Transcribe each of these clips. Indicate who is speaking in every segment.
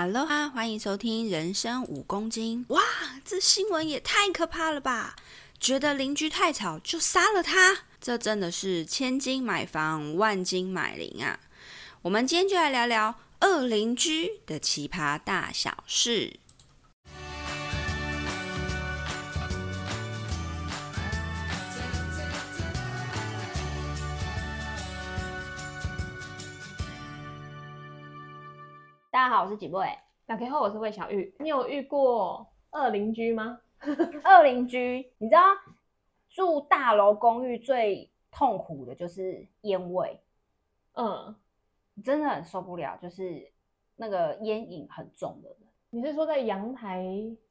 Speaker 1: Hello 啊，ha, 歡迎收聽《人生五公斤》。哇，這新聞也太可怕了吧！覺得鄰居太吵就殺了他，這真的是千金買房，萬金買鄰啊。我們今天就來聊聊惡鄰居的奇葩大小事。
Speaker 2: 大家好，我是幾波。打開後，我是魏小玉。你有遇過惡鄰居嗎？ 惡鄰居，你知道住大樓公寓最痛苦的就是菸
Speaker 1: 味。嗯，你真的很受不了，就是那個菸癮很重的人。你是說在陽台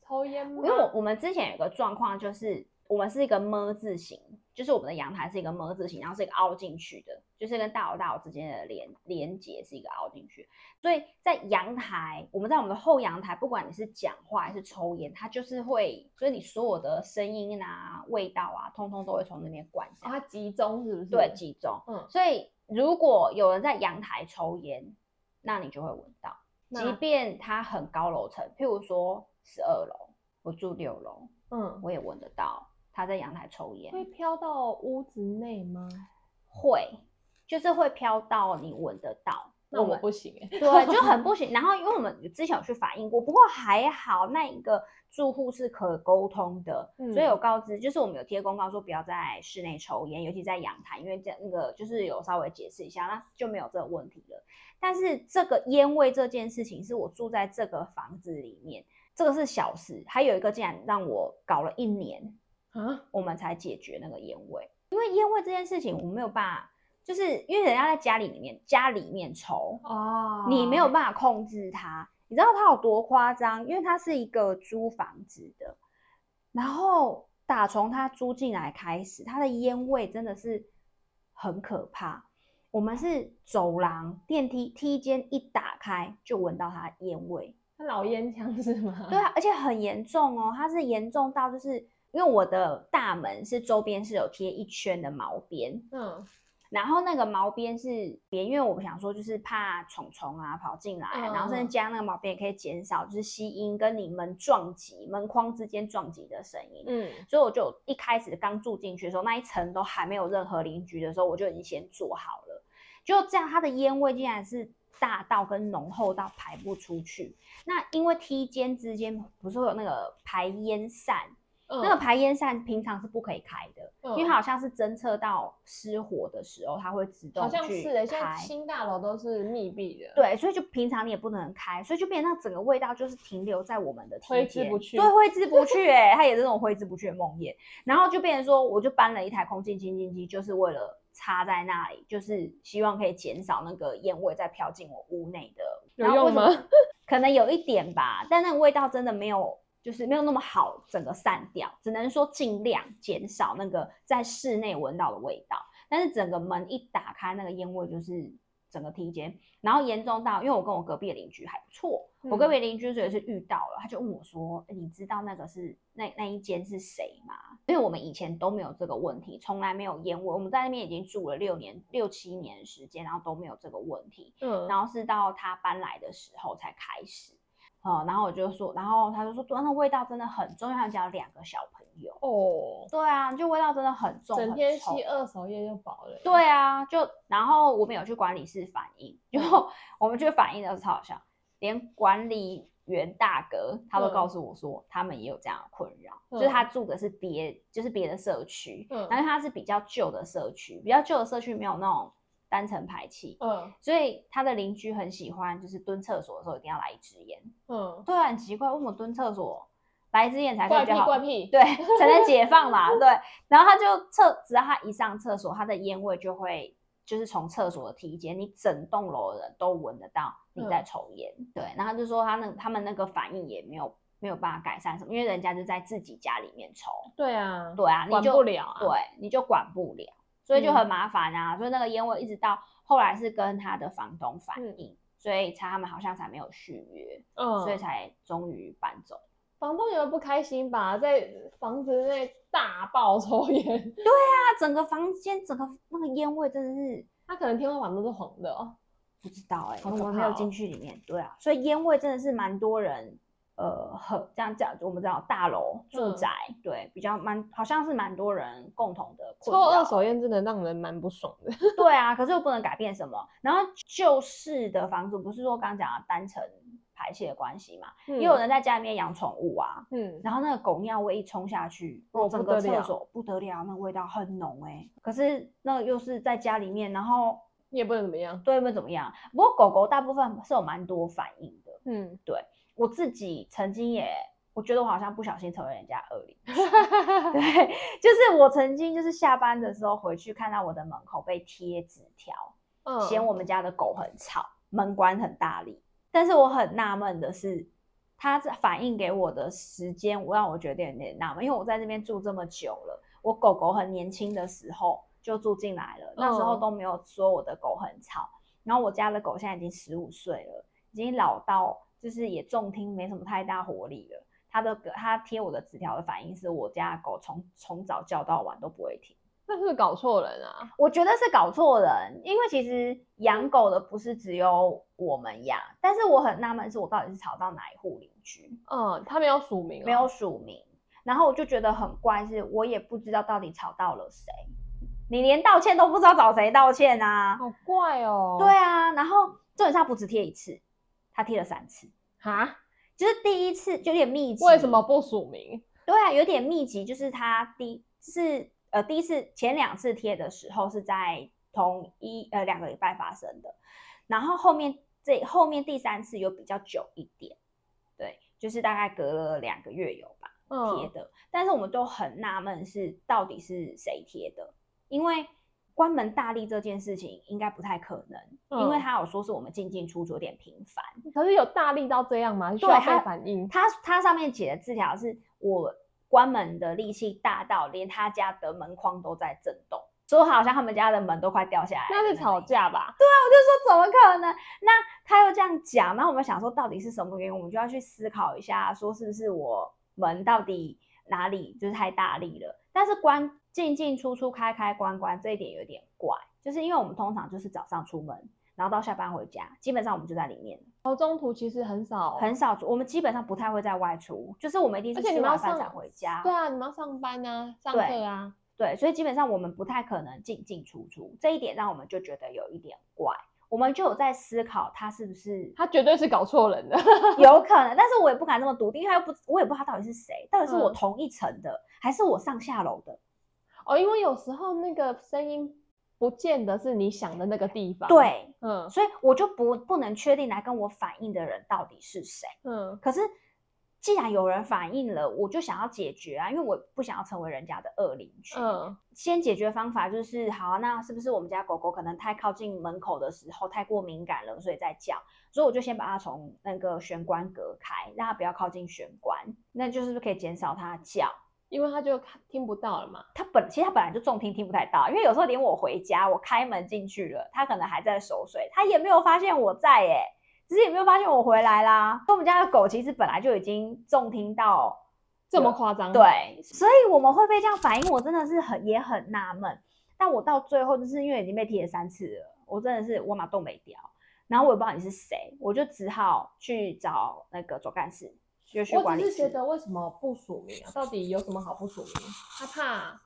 Speaker 1: 抽菸嗎因為我我們之前有一個狀況，就是我們是一個麼字形。就是我們的陽台是一個模字形，然後是一個凹進去的，就是跟大樓大樓之間的連連接是一個凹進去，所以在陽台，我們在我們的後陽台，不管你是講話還是抽煙，它就是會，所以你所有的聲音啊、味道啊，通通都會從那邊灌上、哦、它集中是不是？對，集中。嗯，所以如果有人在陽台抽煙，那你就會聞到，那即便它很高樓層，譬如說十二樓，我住六樓，嗯，我也聞得到。他在陽台抽煙，會
Speaker 2: 飄到屋子內嗎？會，
Speaker 1: 就是會飄到你聞得到。那我，我不行、欸，對， 就很不行。然後因為我們之前有去反映過，不過還好那一個住戶是可溝通的，嗯、所以有告知，就是我們有貼公告說不要在室內抽煙，尤其在陽台，因為那個就是有稍微解釋一下，那就沒有這個問題了。但是這個煙味這件事情，是我住在這個房子裡面，這個是小事。還有一個竟然讓我搞了一年。啊，我們才解決那個煙味，因為煙味這件事情，我們沒有辦法，就是因為人家在家裡裡面，家裡面抽哦，你沒有辦法控制它。你知道它有多誇張？因為它是一個租房子的，然後打從他租進來開始，它的煙味真的是很可怕。我們是走廊，電梯，梯間一打開就聞到它的煙味，
Speaker 2: 他老煙槍是嗎？對啊，
Speaker 1: 而且很嚴重哦，它是嚴重到就是。因為我的大門是周邊是有貼一圈的毛邊，嗯，然後那個毛邊是別，因為我想說就是怕蟲蟲啊跑進來，嗯，然後甚至加上那個毛邊也可以減少就是吸音跟你們撞擊門框之間撞擊的聲音，嗯，所以我就一開始剛住進去的時候，那一層都還沒有任何鄰居的時候，我就已經先做好了，就這樣，它的煙味竟然是大到跟濃厚到排不出去，那因為梯間之間不是會有那個排煙扇。嗯、那個排煙扇平常是不可以開的，嗯、因為它好像是偵測到失火的時候，它會自動去開好像是像，欸、新大樓都是密閉的，對，所以就平常你也不能開，所以就變成那整個味道就是停留在我們的體，揮之不去，對，揮之不去哎，欸， 它也是那種揮之不去的夢魘。然後就變成說，我就搬了一台空氣清新機，就是為了插在那裡，就是希望可以減少那個煙味再飄進我屋內的。有用嗎？ 可能有一點吧，但那個味道真的沒有。就是沒有那麼好，整個散掉，只能說盡量減少那個在室內聞到的味道。但是整個門一打開，那個煙味就是整個梯間。然後嚴重到，因為我跟我隔壁的鄰居還不錯，我隔壁鄰居這也是遇到了，嗯、他就問我說、欸：“你知道那個是那那一間是誰嗎？”因為我們以前都沒有這個問題，從來沒有煙味。我們在那邊已經住了六年、六七年時間，然後都沒有這個問題。嗯，然後是到他搬來的時候才開始。哦、嗯，然後我就說，然後他就說，那味道真的很重要，他們家有兩個小朋友哦
Speaker 2: ，oh, 對啊，就味道真的很重，整天吸二手煙就飽了，
Speaker 1: 對啊，就然後我們有去管理室反映，就我們就反映的時候超好笑，連管理員大哥他都告訴我說，他們也有這樣的困擾，嗯、就是他住的是別，就是別的社區，嗯、但是他是比較舊的社區，比較舊的社區沒有那種。單層排氣，嗯，所以他的鄰居很喜歡，就是蹲廁所的時候一定要來一支煙，嗯，對、啊、很奇怪，為什麼蹲廁所來一支煙才比較好？怪癖，怪癖，對，才能解放嘛， 對。然後他就廁，只要他一上廁所，他的煙味就會，就是從廁所的梯間，你整棟樓的人都聞得到你在抽煙，嗯、對。然後就說他那他們那個反應也沒有沒有辦法改善什麼，因為人家就在自己家裡面抽，對啊，對啊，你管不了、啊就，對，你就管不了。所以就很麻煩啊！所以、嗯、那個煙味一直到後來是跟他的房東反映，嗯、所以他們好像才沒有續約，嗯，所以才終於搬走。
Speaker 2: 房東有沒有不開心吧，在房子內大爆抽煙。 對啊，整個房間整個那個煙味真的是，他
Speaker 1: 可能天花板都是紅的、哦，不知道哎、欸，我桃們沒有進去裡面。對啊，所以煙味真的是蠻多人。呃，很這樣講，我們知道大樓住宅、嗯、對比較蠻，好像是蠻多人共同的困擾。抽二手煙真的讓人蠻不爽的。 對啊，可是又不能改變什麼。然後舊式的房子不是說剛剛講的單層排泄的關係嘛，嗯、也有人在家裡面養寵物啊。嗯。然後那個狗尿味一沖下去，哦、不得了、整個廁所不得了，那個味道很濃哎、欸。可是那個又是在家裡面，然後你也不能怎麼樣。對，不能怎麼樣。不過狗狗大部分是有蠻多反應的。嗯，對。我自己曾經也，我覺得我好像不小心成為人家惡鄰。對，就是我曾經就是下班的時候回去，看到我的門口被貼紙條，嗯、嫌我們家的狗很吵，門關很大力。但是我很納悶的是，它這反映給我的時間，我讓我覺得有點納悶，因為我在那邊住這麼久了，我狗狗很年輕的時候就住進來了，嗯、那時候都沒有說我的狗很吵。然後我家的狗現在已經十五歲了，已經老到。就是也重聽，沒什麼太大活力了。他的他貼我的紙條的反應是我家狗從從早叫到晚都不會停。這是不是搞錯人啊？我覺得是搞錯人，因為其實養狗的不是只有我們養。但是我很納悶，是我到底是吵到哪一戶鄰居？嗯，他沒有署名啊，沒有署名。然後我就覺得很怪，是我也不知道到底吵到了誰。你連道歉都不知道找誰道歉啊？好怪哦。對啊，然後基本上不止貼一次。他貼了三次哈，蛤就是第一次就有點密集，為什麼不署名？對啊，有點密集，就是他第是呃第一次前兩次貼的時候是在同一呃兩個禮拜發生的，然後後面這後面第三次有比較久一點，對，就是大概隔了兩個月有吧嗯、貼的，但是我們都很納悶是到底是誰貼的，因為。關門大力這件事情應該不太可能，嗯、因為他有說是我們進進出出有點頻繁，可是有大力到這樣嗎？對他反應，他他，他上面寫的字條是我關門的力氣大到連他家的門框都在震動，說、嗯、好像他們家的門都快掉下來。那是吵架吧？對啊，我就說怎麼可能？那他又這樣講，那我們想說到底是什麼原因？嗯、我們就要去思考一下，說是不是我門到底哪裡就是太大力了？但是關。進進出出開開關關這一點有點怪，就是因為我們通常就是早上出門，然後到下班回家，基本上我們就在裡面，然後中途其實很少，哦、很少出，我們基本上不太會在外出，就是我們一定是吃完飯才回家。對
Speaker 2: 啊，你們要上班啊，上
Speaker 1: 課啊，對，對，所以基本上我們不太可能進進出出，這一點讓我們就覺得有一點怪，我們就有在思考他是不是他絕對是搞錯人了， 有
Speaker 2: 可能，但是我也不敢這麼篤定，因為他又不我也不知道他到底是誰，到底是我
Speaker 1: 同一層的、嗯、還是我上下樓的。
Speaker 2: 哦，因為有時候那個聲音不見得是你想的那個地方，對，嗯，
Speaker 1: 所以我就不不能確定來跟我反映的人到底是誰，嗯，可是既然有人反映了，我就想要解決啊，因為我不想要成為人家的惡鄰居，嗯，先解決方法就是好啊，那是不是我們家狗狗可能太靠近門口的時候太過敏感了，所以在叫，所以我就先把它從那個玄關隔開，讓它不要靠近玄關，那就是不是可以減少它叫？因為他就聽不到了嘛，他本其實他本來就重聽，聽不太到。因為有時候連我回家，我開門進去了，他可能還在熟睡，他也沒有發現我在誒，只是也沒有發現我回來啦。跟我們家的狗其實本來就已經重聽到這麼誇張，對，所以我們會被這樣反應，我真的是很也很納悶。但我到最後就是因為已經被踢了三次了，我真的是我馬都沒掉，然後我也不知道你是誰，我就只好去找那
Speaker 2: 個總幹事。管理，我只是覺得為什麼不署名啊？到底有什麼好不署名？他怕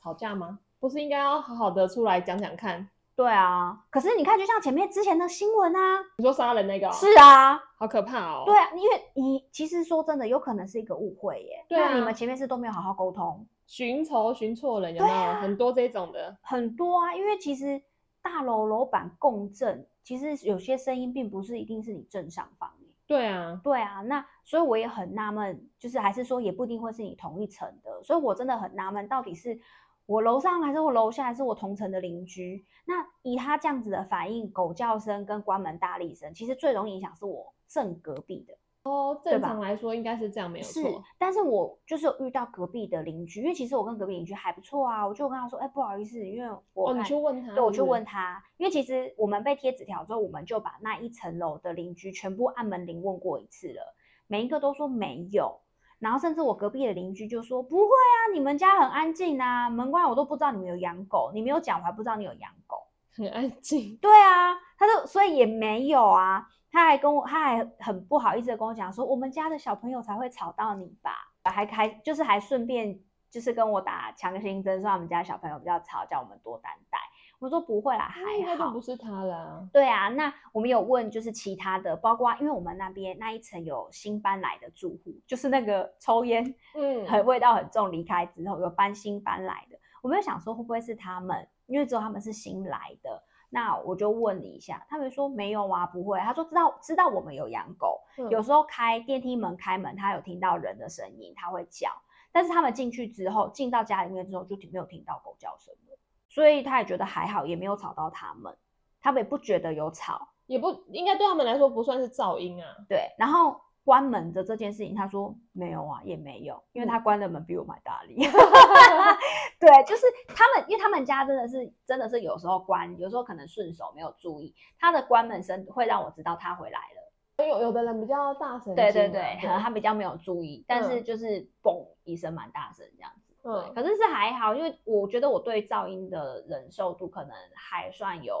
Speaker 2: 吵架嗎？不是應該要好好的出來講講看？對啊，可是你看，就像前面之前的新聞啊，你說殺人那個是啊，好可怕哦。對啊，
Speaker 1: 因為你其實說真的，有可能是一個誤會耶。對啊，你們前面是都沒有好好溝通，
Speaker 2: 尋仇尋錯人有沒有？啊，很多這種的很多啊，因為其實大樓樓
Speaker 1: 板共振，其實有些聲音並不是一定是你正上方的。對啊，對啊，那所以我也很納悶，就是還是說也不一定會是你同一層的，所以我真的很納悶，到底是我樓上還是我樓下還是我同層的鄰居？那以他這樣子的反應，狗叫聲跟關門大力聲，其實最容易影響是我正隔壁的。哦，oh, 正常來說吧應該是這樣，沒有錯。但是，我就是有遇到隔壁的鄰居，因為其實我跟隔壁鄰居還不錯啊，我就跟他說：“哎、欸，不好意思，因為我……”哦，oh, 你去問他。對，對我去問他，因為其實我們被貼紙條之後，我們就把那一層樓的鄰居全部按門鈴問過一次了，每一個都說沒有。然後，甚至我隔壁的鄰居就說：“不會啊，你們家很安靜啊，門關，我都不知道你們有養狗，你沒有講，我還不知道你有養狗。”很安靜。對啊，他就所以也沒有啊。他還跟我，他還很不好意思的跟我講說，我們家的小朋友才會吵到你吧，還開，就是還順便就是跟我打強心針，說他們家的小朋友比較吵，叫我們多擔待。我說不會啦，還好就、嗯、不是他啦。對啊，那我們有問就是其他的，包括因為我們那邊那一層有新搬來的住戶，就是那個抽菸，嗯，很味道很重，離開之後有搬新搬來的，我沒有想說會不會是他們，因為只有他們是新來的。那我就問了一下，他們說沒有啊，不會。他說知道知道我們有養狗，嗯、有時候開電梯門開門，他有聽到人的聲音，他會叫。但是他們進去之後，進到家裡面之後就聽沒有聽到狗叫聲音，所以他也覺得還好，也沒有吵到他們，他們也不覺得有吵，也不應該，對他們來說不算是噪音啊。對，然後。關門的這件事情，他說沒有啊，也沒有，因為他關的門比我蠻大力。 對，就是他們，因為他們家真的是，真的是有時候關，有時候可能順手沒有注意，他的關門聲會讓我知道他回來了。
Speaker 2: 有有的人比較大聲，對對對，可能對他比較沒有注
Speaker 1: 意，但是就是嘣、嗯、一聲蠻大聲這樣子。對嗯、可是是還好，因為我覺得我對噪音的忍受度可能還算有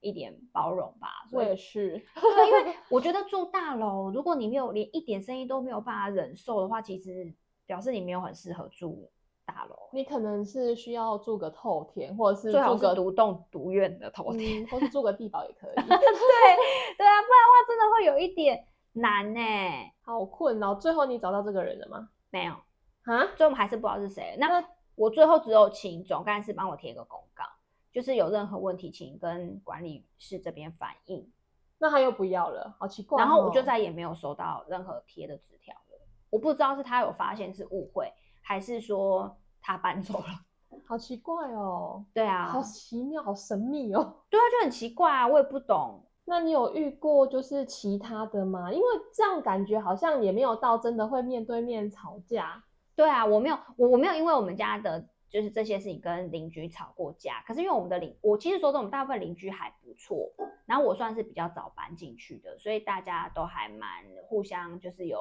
Speaker 1: 一點包容吧，我也是。 因為我覺得住大樓，如果你沒有連一點聲音都沒有辦法忍受的話，其實表示你沒有很適合住大樓。
Speaker 2: 你可能是需要住個透天，或者是住個獨棟獨院的透天，嗯，或是住個地堡也可以。 對對啊，不然的話
Speaker 1: 真的會有一點難呢，欸。好困擾，最後你找到這個人了嗎？沒有啊，蛤所以我們還是不知道是誰。那麼那我最後只有請總幹事幫我貼一個公告。就是有任何問題，請跟管理室這邊反映。那他又不要了，好奇怪哦。然後我就再也沒有收到任何貼的紙條了。我不知道是他有發現是誤會，還是說他
Speaker 2: 搬走了。哦，好奇怪哦。對啊，好奇妙，好神秘哦。對啊，就很奇怪啊，我也不懂。那你有遇過就是其他的嗎？因為這樣感覺好像也沒有到真的會面對面吵架。對啊，我沒有，我我沒有，因為我們家
Speaker 1: 的。就是這些是你跟鄰居吵過架，可是因為我們的鄰，我其實說的，我們大部分鄰居還不錯。然後我算是比較早搬進去的，所以大家都還蠻互相，就是有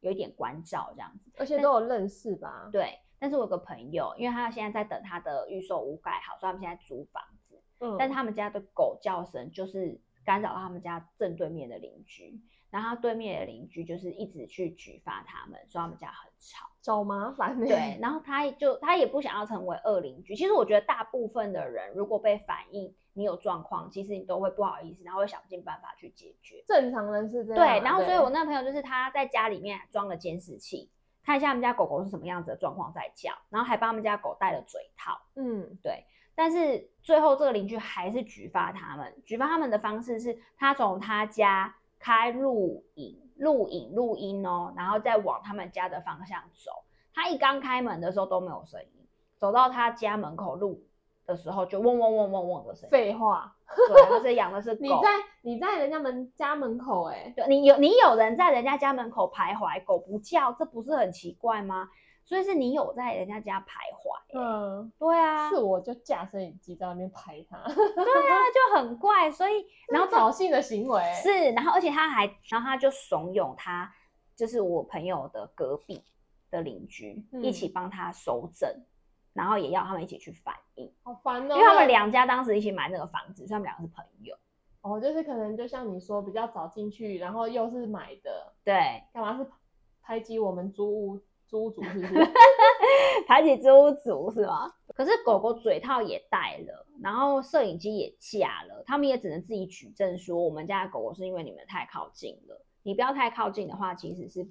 Speaker 1: 有一點關照這樣子，而且都有認識吧。對，但是我有個朋友，因為他現在在等他的預售屋蓋好，所以他們現在租房子。嗯，但是他們家的狗叫聲就是干擾到他們家正對面的鄰居，然後他對面的鄰居就是一直去舉發他們，所以他們家很吵。
Speaker 2: 找麻煩唄。對，
Speaker 1: 然後他也就他也不想要成為惡鄰居。其實我覺得大部分的人，如果被反映你有狀況，其實你都會不好意思，然後會想盡辦法去解決。
Speaker 2: 正常人是這樣。對，然後所以我那朋友就是他
Speaker 1: 在家裡面裝了監視器，對看一下他們家狗狗是什麼樣子的狀況在叫，然後還幫他們家狗戴了嘴套。嗯，對。但是最後這個鄰居還是舉發他們，舉發他們的方式是他從他家開錄影。錄影錄音哦，然後再往他們家的方向走。他一剛開門的時候都沒有聲音，走到他家門口錄的時候，就嗡嗡嗡嗡嗡的聲音。廢
Speaker 2: 話，對，他是養的是狗。 你在你在人家門家門口哎、欸，你有你有人在人家家門
Speaker 1: 口徘徊，狗不叫，這不是很奇怪嗎？所以是你有在人家家徘徊、欸，嗯，對啊，是我就架攝影機在那邊拍他， 對啊，就很怪，所以然後挑釁的行為是，然後而且他還，然後他就慫恿他，就是我朋友的隔壁的鄰居、嗯、一起幫他蒐證，然後也要他們一起去反映，
Speaker 2: 好煩哦、喔，因為他們兩家
Speaker 1: 當時一起買那個房子，所以他們兩個是朋
Speaker 2: 友，哦，就是可能就像你說，比較早進去，然後又是買的，對，幹嘛是排擠我們租屋？租屋主是不是，是哈哈哈，抬起，租屋主
Speaker 1: 是吧？可是狗狗嘴套也戴了，然後攝影機也架了，他們也只能自己舉證說，我們家的狗狗是因為你們太靠近了。你不要太靠近的話，其實是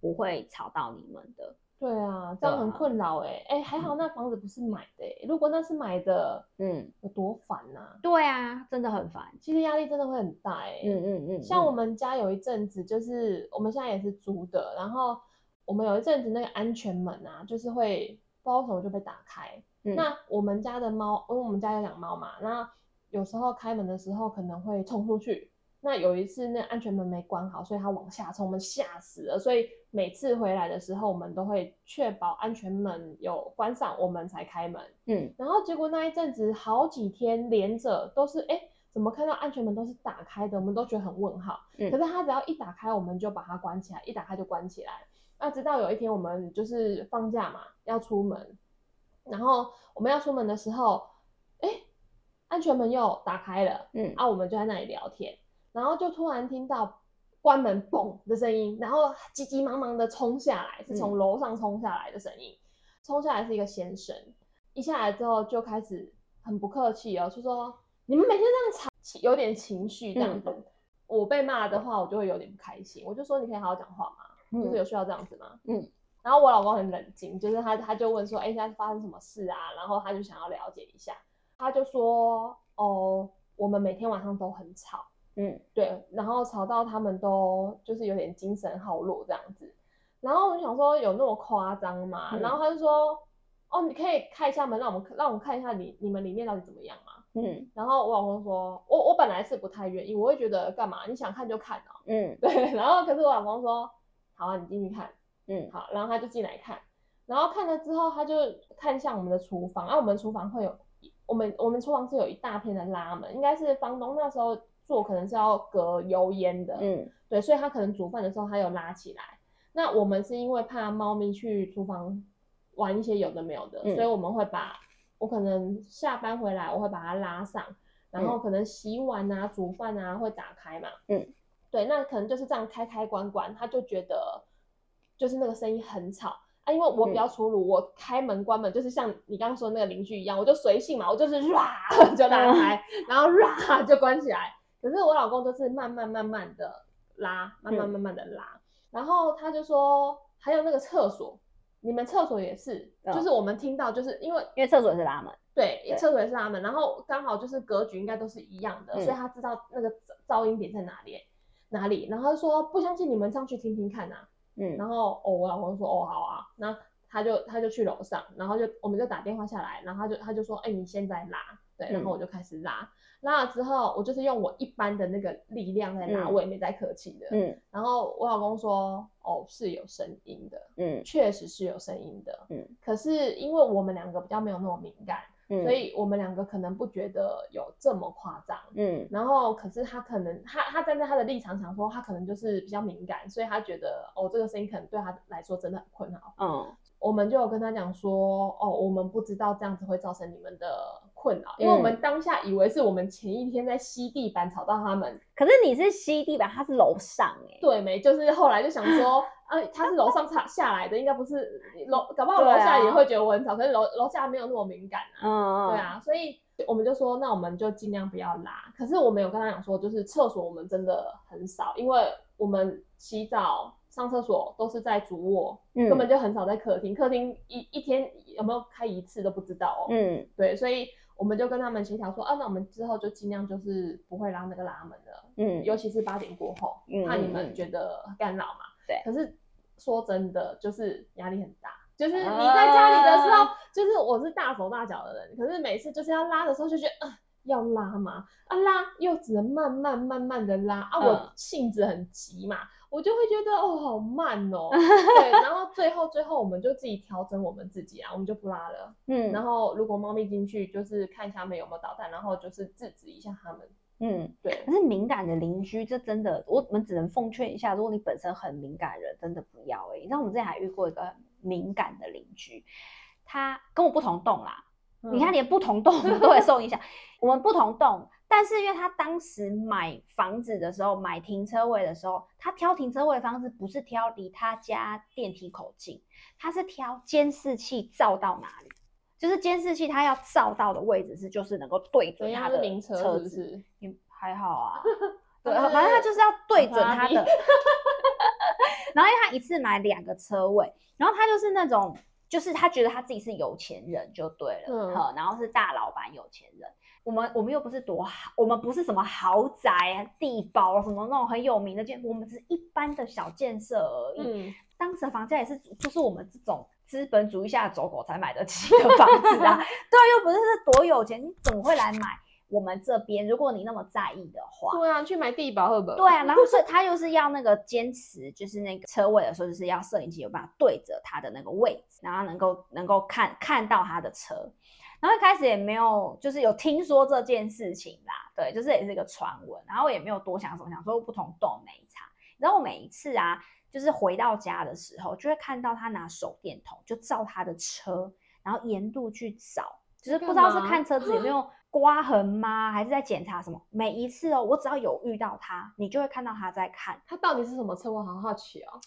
Speaker 1: 不會吵到你們的。
Speaker 2: 對啊，這樣很困擾哎哎，還好那房子不是買的、欸，如果那是買的，嗯，有多煩呢、啊？對啊，真的很煩。其實壓力真的會很大哎、欸，嗯,嗯嗯嗯。像我們家有一陣子就是我們現在也是租的，然後。我們有一陣子那個安全門啊，就是會不知道什麼就被打開。嗯、那我們家的貓，因為我們家有養貓嘛，那有時候開門的時候可能會衝出去。那有一次那個安全門沒關好，所以它往下衝，我們嚇死了。所以每次回來的時候，我們都會確保安全門有關上，我們才開門。嗯，然後結果那一陣子好幾天連着都是，哎、欸，怎麼看到安全門都是打開的？我們都覺得很問號。嗯、可是它只要一打開，我們就把它關起來，一打開就關起來。那、啊、直到有一天，我們就是放假嘛，要出門，然後我們要出門的時候，哎，安全門又打開了，嗯，啊，我們就在那裡聊天，然後就突然聽到關門“嘣”的聲音，然後急急忙忙的衝下來，是從樓上衝下來的聲音，嗯、衝下來是一個先生，一下來之後就開始很不客氣哦，就說你們每天這樣吵，有點情緒這樣，這子、嗯、我被罵的話，我就會有點不開心，嗯、我就說你可以好好講話嘛。就是有需要這樣子嗎？嗯，然後我老公很冷靜，就是他他就問說，哎、欸，現在發生什麼事啊？然後他就想要了解一下，他就說，哦，我們每天晚上都很吵，嗯，對，然後吵到他們都就是有點精神耗弱這樣子，然後我想說有那麼誇張嗎？嗯、然後他就說，哦，你可以開一下門，讓我們讓我們看一下你你們裡面到底怎麼樣嘛，嗯，然後我老公說我我本來是不太願意，我會覺得幹嘛？你想看就看啊、喔，嗯，對，然後可是我老公說，好啊，你進去看，嗯，好，然後他就進來看，然後看了之後，他就看向我們的廚房，啊，我們廚房會有，我們我們廚房是有一大片的拉門，應該是房東那時候做，可能是要隔油煙的，嗯，對，所以他可能煮飯的時候，他有拉起來，那我們是因為怕貓咪去廚房玩一些有的沒有的，嗯、所以我們會把，我可能下班回來，我會把它拉上，然後可能洗碗啊、嗯、煮飯啊會打開嘛，嗯。對，那可能就是這樣開開關關，他就覺得就是那個聲音很吵啊。因為我比較粗魯，嗯、我開門關門就是像你剛剛說的那個鄰居一樣，我就隨性嘛，我就是唰就拉開，嗯、然後唰就關起來。可是我老公就是慢慢慢慢的拉，慢慢慢慢的拉，嗯、然後他就說還有那個廁所，你們廁所也是，哦、就是我們聽到就是因為因為廁所是拉門，對，對廁所也是拉門，然後剛好就是格局應該都是一樣的，嗯、所以他知道那個噪音點在哪裡。哪裡？然後他就說不相信你們上去聽聽看吶、啊。嗯，然後哦，我老公說哦好啊，那他就他就去樓上，然後就我們就打電話下來，然後他就他就說，哎、欸，你現在拉，對，然後我就開始拉，拉了、嗯、之後，我就是用我一般的那個力量在拉，嗯、我也沒在客氣的。嗯，然後我老公說，哦，是有聲音的，嗯，確實是有聲音的，嗯，可是因為我們兩個比較沒有那麼敏感。所以，我們兩個可能不覺得有這麼誇張，嗯，然後可是他可能他他站在他的立場上說，他可能就是比較敏感，所以他覺得哦，這個聲音可能對他來說真的很困擾，嗯，我們就有跟他講說，哦，我們不知道這樣子會造成你們的。困擾，因為我們當下以為是我們前一天在吸地板吵到他們，嗯、可是你是吸地板，他是樓上哎、欸，對沒？就是後來就想說， 啊，他是樓上吵下，下來的，應該不是樓，搞不好樓下也會覺得我很吵。啊、可是樓樓下沒有那麼敏感啊，嗯嗯對啊，所以我們就說，那我們就盡量不要拉。可是我們有跟他講說，就是廁所我們真的很少，因為我們洗澡、上廁所都是在主臥，嗯、根本就很少在客廳，客廳一一天有沒有開一次都不知道哦，嗯，對，所以。我們就跟他們協調說，啊，那我們之後就儘量就是不會拉那個拉門了，嗯，尤其是八點過後，嗯，怕你們覺得干擾嘛。對。可是說真的，就是壓力很大，就是你在家裡的時候，啊，就是我是大手大腳的人，可是每次就是要拉的時候就覺得，啊，要拉嘛，啊拉又只能慢慢慢慢的拉啊，我性子很急嘛。啊我就會覺得哦，好慢哦， 對，然後最後最後我們就自己調整我們自己啊，我們就不拉了，嗯，然後如果貓咪進去，就是看一下他們有沒有搗蛋，然後就是制止一下他們，嗯，
Speaker 1: 對，可是敏感的鄰居，這真的，我們只能奉勸一下，如果你本身很敏感的人，真的不要哎，你知道我們之前還遇過一個很敏感的鄰居，他跟我不同棟啦，你看連不同棟都會受影響，嗯， 我們不同棟。但是，因為他當時買房子的時候，買停車位的時候，他挑停車位的方式不是挑離他家電梯口近，他是挑監視器照到哪裡，就是監視器他要照到的位置是，就是能夠對準他的車子，名
Speaker 2: 車子你還好啊，
Speaker 1: 對 是、哦，反正他就是
Speaker 2: 要對準他的。
Speaker 1: 然後，因為他一次買兩個車位，然後他就是那種，就是他覺得他自己是有錢人就對了，嗯、然後是大老闆有錢人。我們我們又不是多，我們不是什麼豪宅、啊、地堡、啊、什麼那種很有名的建築，我們只是一般的小建設而已。嗯、當時的房價也是，就是我們這種資本主義下的走狗才買得起的房子啊。 對，又不是多有錢，你怎麼會來買我們這邊？如果你那麼在意的話，對啊，去買地堡，對吧？對啊，然後所以他又是要那個堅持，就是那個車位的時候，就是要攝影機有辦法對着他的那個位置，然後能夠能夠看看到他的車。然後一開始也沒有，就是有聽說這件事情啦，對，就是也是一個傳聞。然後我也沒有多想什麼想，想說不同棟沒差。然後我每一次啊，就是回到家的時候，就會看到他拿手電筒就照他的車，然後沿路去找，就是不知道是看車子有沒有刮痕嗎，還是在檢查什麼。每一次哦，我只要有遇到他，你就會看到他在看，他到底是什麼車，我很好，好奇哦。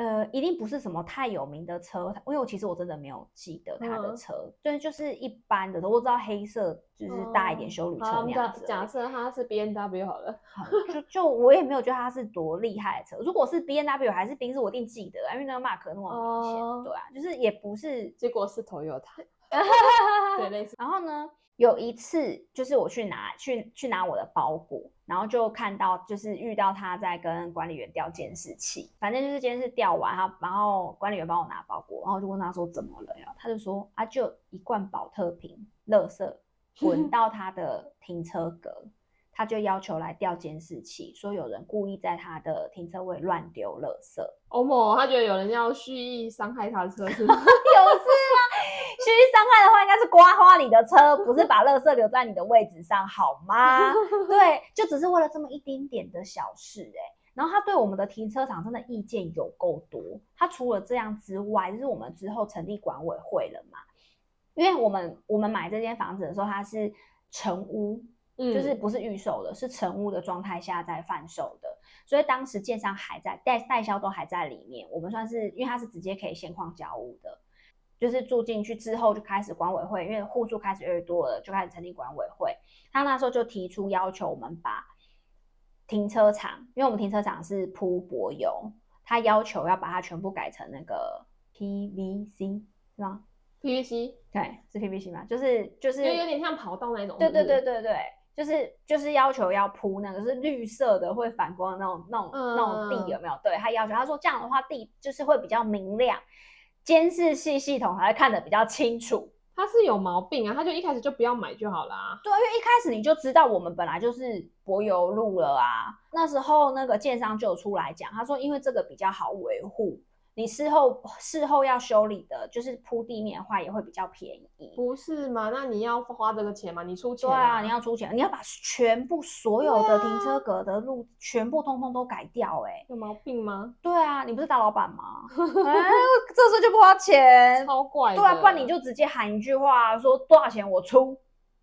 Speaker 1: 呃，一定不是什麼太有名的車，因為我其實我真的沒有記得他的車，嗯、對，就是一般的，都知道黑色就是大一點休旅車那樣的，嗯。假
Speaker 2: 設他是 BMW
Speaker 1: 好了，好就，就我也沒有覺得他是多厲害的車。 如果是 BMW 還是賓士我一定記得，因為那個 Mark 很明顯。嗯、對啊，就是也不是，結果是 Toyota，對類似。然後呢？有一次，就是我去拿去去拿我的包裹，然後就看到就是遇到他在跟管理員調監視器，反正就是監視調完啊，然後管理員幫我拿包裹，然後就問他說怎麼了呀？他就說啊，就一罐寶特瓶，樂色滾到他的停車格。 他就要求來調監視器，說有人故意在他的停車位亂丟垃圾。哦
Speaker 2: 莫，他覺得有人要蓄意傷害他的車子， 有事嗎，啊？ 蓄意傷害
Speaker 1: 的話，應該是刮花你的車，不是把垃圾留在你的位置上，好嗎？ 對，就只是為了這麼一丁點，點的小事，欸，哎。然後他對我們的停車場真的意見有夠多。他除了這樣之外，就是我們之後成立管委會了嘛？因為我們我們買這間房子的時候，它是成屋。 就是不是預售的，是成屋的狀態下在販售的，所以當時建商還在代代銷都還在裡面。我們算是因為它是直接可以現況交屋的，就是住進去之後就開始管委會，因為戶數開始越來越多了，就開始成立管委會。他那時候就提出要求，我們把停車場，因為我們停車場是鋪柏油，他要求要把它全部改成那個 PVC，是嗎？PVC，BC? 對，
Speaker 2: 是 PVC 嗎？
Speaker 1: 就是就是，就有,有點
Speaker 2: 像跑道那種是不是。對,對對對對對。就是就是要
Speaker 1: 求要鋪那個是綠色的會反光的那種那種、嗯、那種地有沒有？對，他要求他說，這樣的話地就是會比較明亮，監視系系統還會看得比較清楚。他是有毛病啊，他就一開始就不要買就好啦。對，因為一開始你就知道我們本來就是柏油路了啊。那時候那個建商就出來講，他說因為這個比較好維護。你事後事後要修理的，就是鋪地面的話，也會比較便宜，不是嗎？那你要花這個錢嗎？你出錢？對啊，你要出錢，你要把全部所有的停車格的路全部通通都改掉，哎，有毛病嗎？對啊，你不是大老闆嗎？呵，這時候就不花錢，超怪。對啊，不然你就直接喊一句話，說多少錢我出，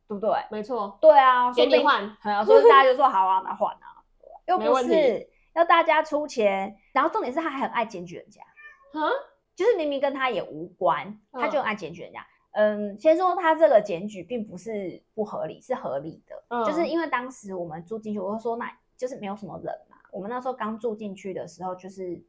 Speaker 1: 對不對？沒錯。對啊，說沒換，所以大家就說好啊，那換啊，又不是要大家出錢，然後重點是他還很愛檢舉人家。啊，就是明明跟他也無關，他就愛檢舉人家。嗯，嗯，先說他這個檢舉並不是不合理，是合理的。嗯，就是因為當時我們住進去，我就說那就是沒有什麼人嘛，我們那時候剛住進去的時候，就是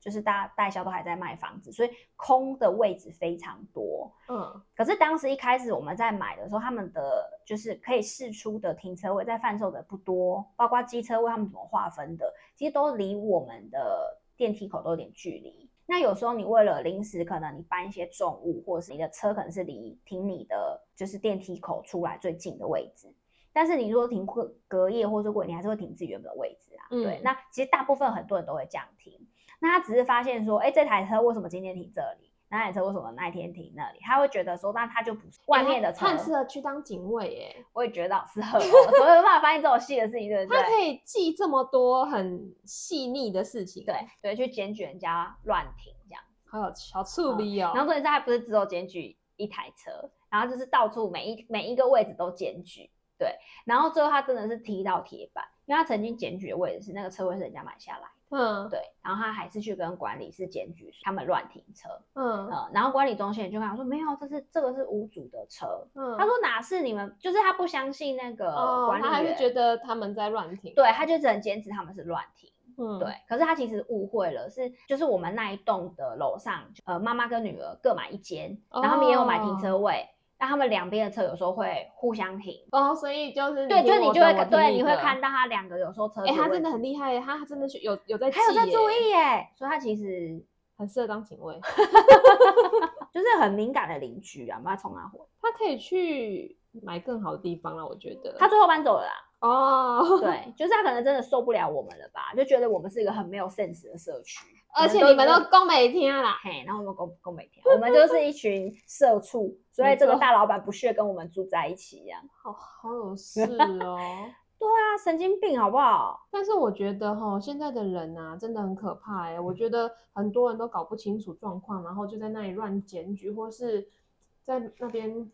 Speaker 1: 就是大家代銷都還在賣房子，所以空的位置非常多。嗯，可是當時一開始我們在買的時候，他們的就是可以釋出的停車位在販售的不多，包括機車位他們怎麼劃分的，其實都離我們的電梯口都有點距離。那有時候你為了臨時，可能你搬一些重物，或者是你的車可能是離停你的就是電梯口出來最近的位置。但是你如果停會隔夜，或者說如果你還是會停自己原本的位置啊，嗯、對。那其實大部分很多人都會這樣停，那他只是發現說，哎、欸，這台車為什麼今天停這裡？那台車為什麼那一天停那裡？他會覺得說，那他就不是外面的車。他很適合去當警衛耶。欸，我也覺得好適合我。我沒辦法發現這種細的事情，對，對，他可以記這麼多很細膩的事情，對對，去檢舉人家亂停這樣，好有好處理哦。嗯、然後重點是還不是只有檢舉一台車，然後就是到處每一每一個位置都檢舉，對，然後最後他真的是踢到鐵板，因為他曾經檢舉的位置是那個車位是人家買下來。嗯，對，然後他還是去跟管理室檢舉他們亂停車。嗯，呃，然後管理中心就跟他說，沒有，這是這個是無主的車。嗯，他說哪是你們就是他不相信那個管理，哦，他還是覺得他們在亂停。對，他就只能堅持他們是亂停。嗯，對，可是他其實誤會了，是就是我們那一棟的樓上，呃，媽媽跟女兒各買一間，然後他們也有買停車位。哦那、啊、他們兩邊的車有時候會互相停，
Speaker 2: 哦，oh, 所以就是對，就你就會你對，你會看到他兩個有時候車。哎、欸，他真的很厲害，他真的是有對有在他有在注意耶，
Speaker 1: 所以他其實
Speaker 2: 很適合當警衛， 就是很敏感的鄰居啊，不要衝他，他可以去買更好的地方啊，我覺得。他最
Speaker 1: 後搬走了啦，oh. 對，就是他可能真的受不了我們了吧，就覺得我們是一個很沒有 sense 的社區。而且你們都講不聽了啦，啦嘿，那我們都講不聽了， 我們就是一群社畜，所以這個大
Speaker 2: 老板不屑跟我們住在一起，這樣， 好，好有事哦， 對啊，神經病好不好？但是我覺得哈，現在的人啊，真的很可怕哎、欸，嗯、我覺得很多人都搞不清楚狀況，然後就在那裡亂檢舉，或是在那邊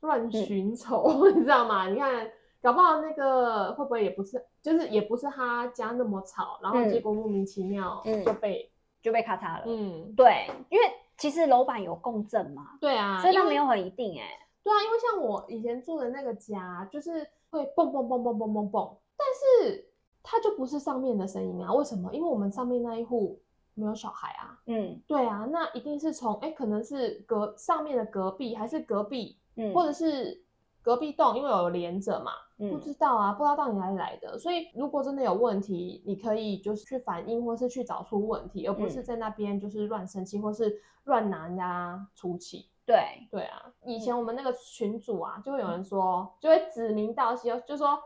Speaker 2: 亂尋仇，嗯、 你知道嗎？你看。搞不好那個會不會也不是，就是也不是他家那麼吵，然後結果莫名其妙、嗯、就被、嗯、就被咔嚓了。嗯，
Speaker 1: 對，因為其實樓板有共振嘛。對啊，所以它沒有很一
Speaker 2: 定哎、欸。對啊，因為像我以前住的那個家，就是會嘣嘣嘣嘣嘣嘣嘣，但是它就不是上面的聲音啊？為什麼？因為我們上面那一戶沒有小孩啊。嗯，對啊，那一定是從哎、欸，可能是隔上面的隔壁，還是隔壁，嗯，或者是隔壁棟，因為有連着嘛。不知道啊，嗯、不知道到底哪裡來的。所以，如果真的有問題，你可以就是去反映，或是去找出問題，而不是在那邊就是亂生氣或是亂拿人家出氣。對、嗯、對啊，以前我們那個群組啊，嗯、就會有人說，嗯、就會指名道姓，就說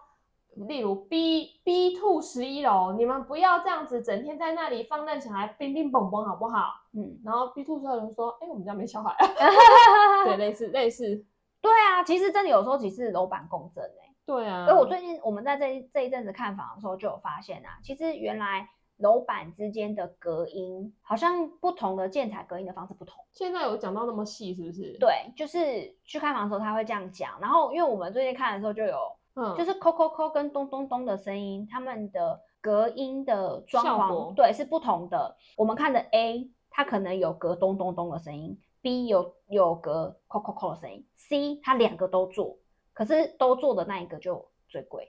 Speaker 2: 例如 B B two 十一樓，你們不要這樣子，整天在那裡放任小孩冰冰蹦蹦，好不好？嗯。然後 B two 十一樓說：“哎、欸，我們家沒小孩。”啊，對，類似類似。對啊，其實真的有時候只是樓板共振對啊，而我最近我們在這
Speaker 1: 這一陣子看房的時候就有發現啊，其實原來樓板之間的隔音好像不同的建材隔音的方式不同。
Speaker 2: 現在有講到那麼細是不是？
Speaker 1: 對，就是去看房的時候他會這樣講，然後因為我們最近看的時候就有，嗯，就是扣扣扣跟咚咚咚的聲音，他們的隔音的狀況效果對是不同的。我們看的 A，它可能有隔咚咚咚的聲音；B 有有隔扣扣扣的聲音；C 它兩個都做。可是都做的那一個就最貴，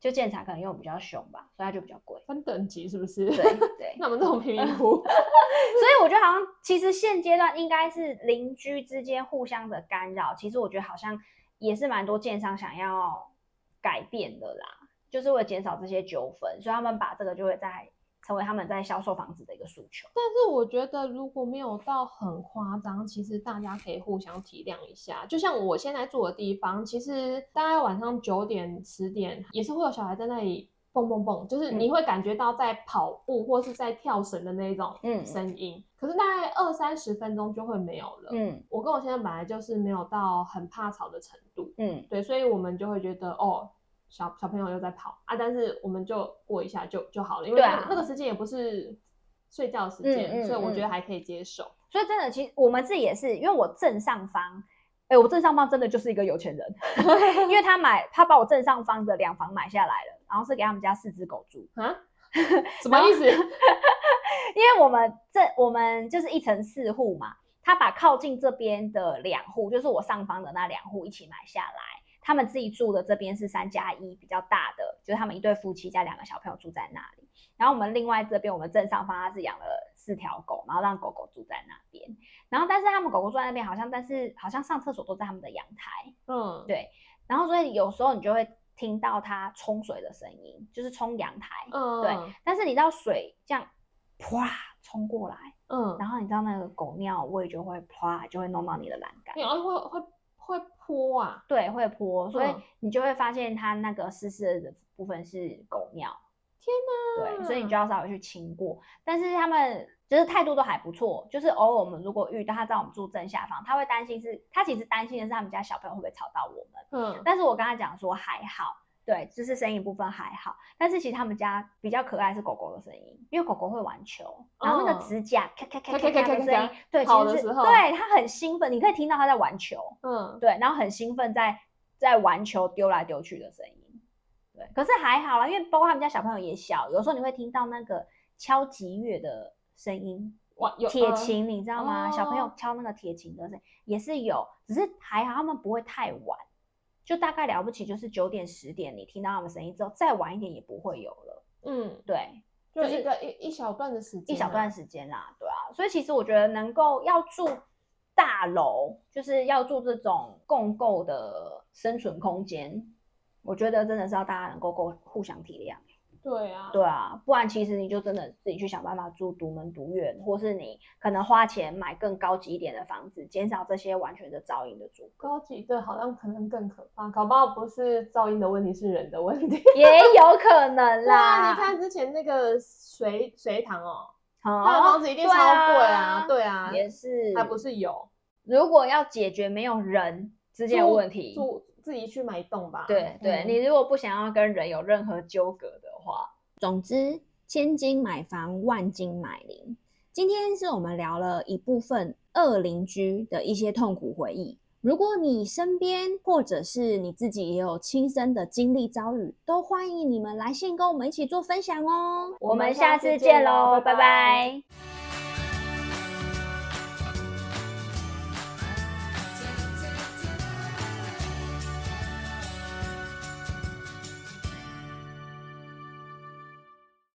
Speaker 1: 就建材可能因為我比較兇吧，所以它就比較貴，分等級是不是？對對。對 那我們
Speaker 2: 這種平民戶，
Speaker 1: 所以我覺得好像其實現階段應該是鄰居之間互相的干擾，其實我覺得好像也是蠻多建商想要改變的啦，就是為了減少這些糾紛，所以他們把這個就會在。成為他們在銷售房子的一個訴
Speaker 2: 求，但是我覺得如果沒有到很誇張，其實大家可以互相體諒一下。就像我現在住的地方，其實大概晚上九點、十點也是會有小孩在那裡蹦蹦蹦，就是你會感覺到在跑步或是在跳繩的那一種聲音。嗯、可是大概二三十分鐘就會沒有了。嗯，我跟我先生本來就是沒有到很怕吵的程度。嗯，對，所以我們就會覺得哦。小小朋友又在跑啊，但是我們就過一下就就好了，因為那個時間也不是睡覺時間。對啊，嗯嗯嗯、所以我覺得還可以接受。
Speaker 1: 所以真的，其實我們自己也是，因為我正上方，哎、欸，我正上方真的就是一個有錢人， 因為他買他把我正上方的兩房買下來了，然後是給他們家四只狗住啊？什麼意思？然後， 因為我們這我們就是一層四戶嘛，他把靠近這邊的兩戶，就是我上方的那兩戶一起買下來。他們自己住的這邊是三加一比較大的，就是他們一對夫妻加兩個小朋友住在那裡。然後我們另外這邊我們正上方，他是養了四條狗，然後讓狗狗住在那邊。然後但是他們狗狗住在那邊好像，但是好像上廁所都在他們的陽台。嗯，對。然後所以有時候你就會聽到它沖水的聲音，就是沖陽台。嗯，對。但是你知道水這樣，嘩沖過來，嗯，然後你知道那個狗尿味就會啪就會弄到你的欄
Speaker 2: 杆。然後會、嗯、
Speaker 1: 會。會會潑啊，對，會潑，所以你就會發現它那個濕濕的部分是狗尿。天哪，對，所以你就要稍微去清過。但是他們就是態度都還不錯，就是偶爾我們如果遇到，他在我們住正下方，他會擔心是，他其實擔心的是他們家小朋友會不會吵到我們。嗯，但是我跟他講說還好。對，就是聲音部分還好，但是其實他們家比較可愛是狗狗的聲音，因為狗狗會玩球，然後那個指甲咔咔咔咔的聲音，嗯、對，的時候其實、就是對，它很興奮，你可以聽到它在玩球，嗯，對，然後很興奮在在玩球丟來丟去的聲音，對，可是還好啦，因為包括他們家小朋友也小，有時候你會聽到那個敲擊樂的聲音，哇有鐵琴、嗯、你知道嗎？哦、小朋友敲那個鐵琴的聲音也是有，只是還好他們不會太晚。就大概了不起，就是九點十點，你聽到他們聲音之後，再晚一點也不會有了。嗯，對，就，就是一個一一小段的時間，啊，一小段時間啦，啊，對啊。所以其實我覺得，能夠要住大樓，就是要住這種共構的生存空間，我覺得真的是要大家能夠夠互相體諒。對啊，對啊，不然其實你就真的自己去想辦法住獨門獨院，或是你可能花錢買更高級一點的房子，減少這些完全的噪音的住。
Speaker 2: 高級的好像可能更可怕，搞不好不是噪音的問題，是人的問題，也有可能啦、啊。你看之前那個隋隋棠哦，哦他的房子一定超貴啊，對啊，對啊也是，還不是有。如果要解決沒有
Speaker 1: 人之間的問題，住
Speaker 2: 自己去買一棟吧。對對，對嗯、你如
Speaker 1: 果不想要跟人有任何
Speaker 2: 糾葛的。
Speaker 1: 總之，千金買房，萬金買鄰。今天是我們聊了一部分惡鄰居的一些痛苦回憶。如果你身邊或者是你自己也有親身的經歷遭遇，都歡迎你們來信跟我們一起做分享哦。我們下次見嘍，拜拜。拜拜。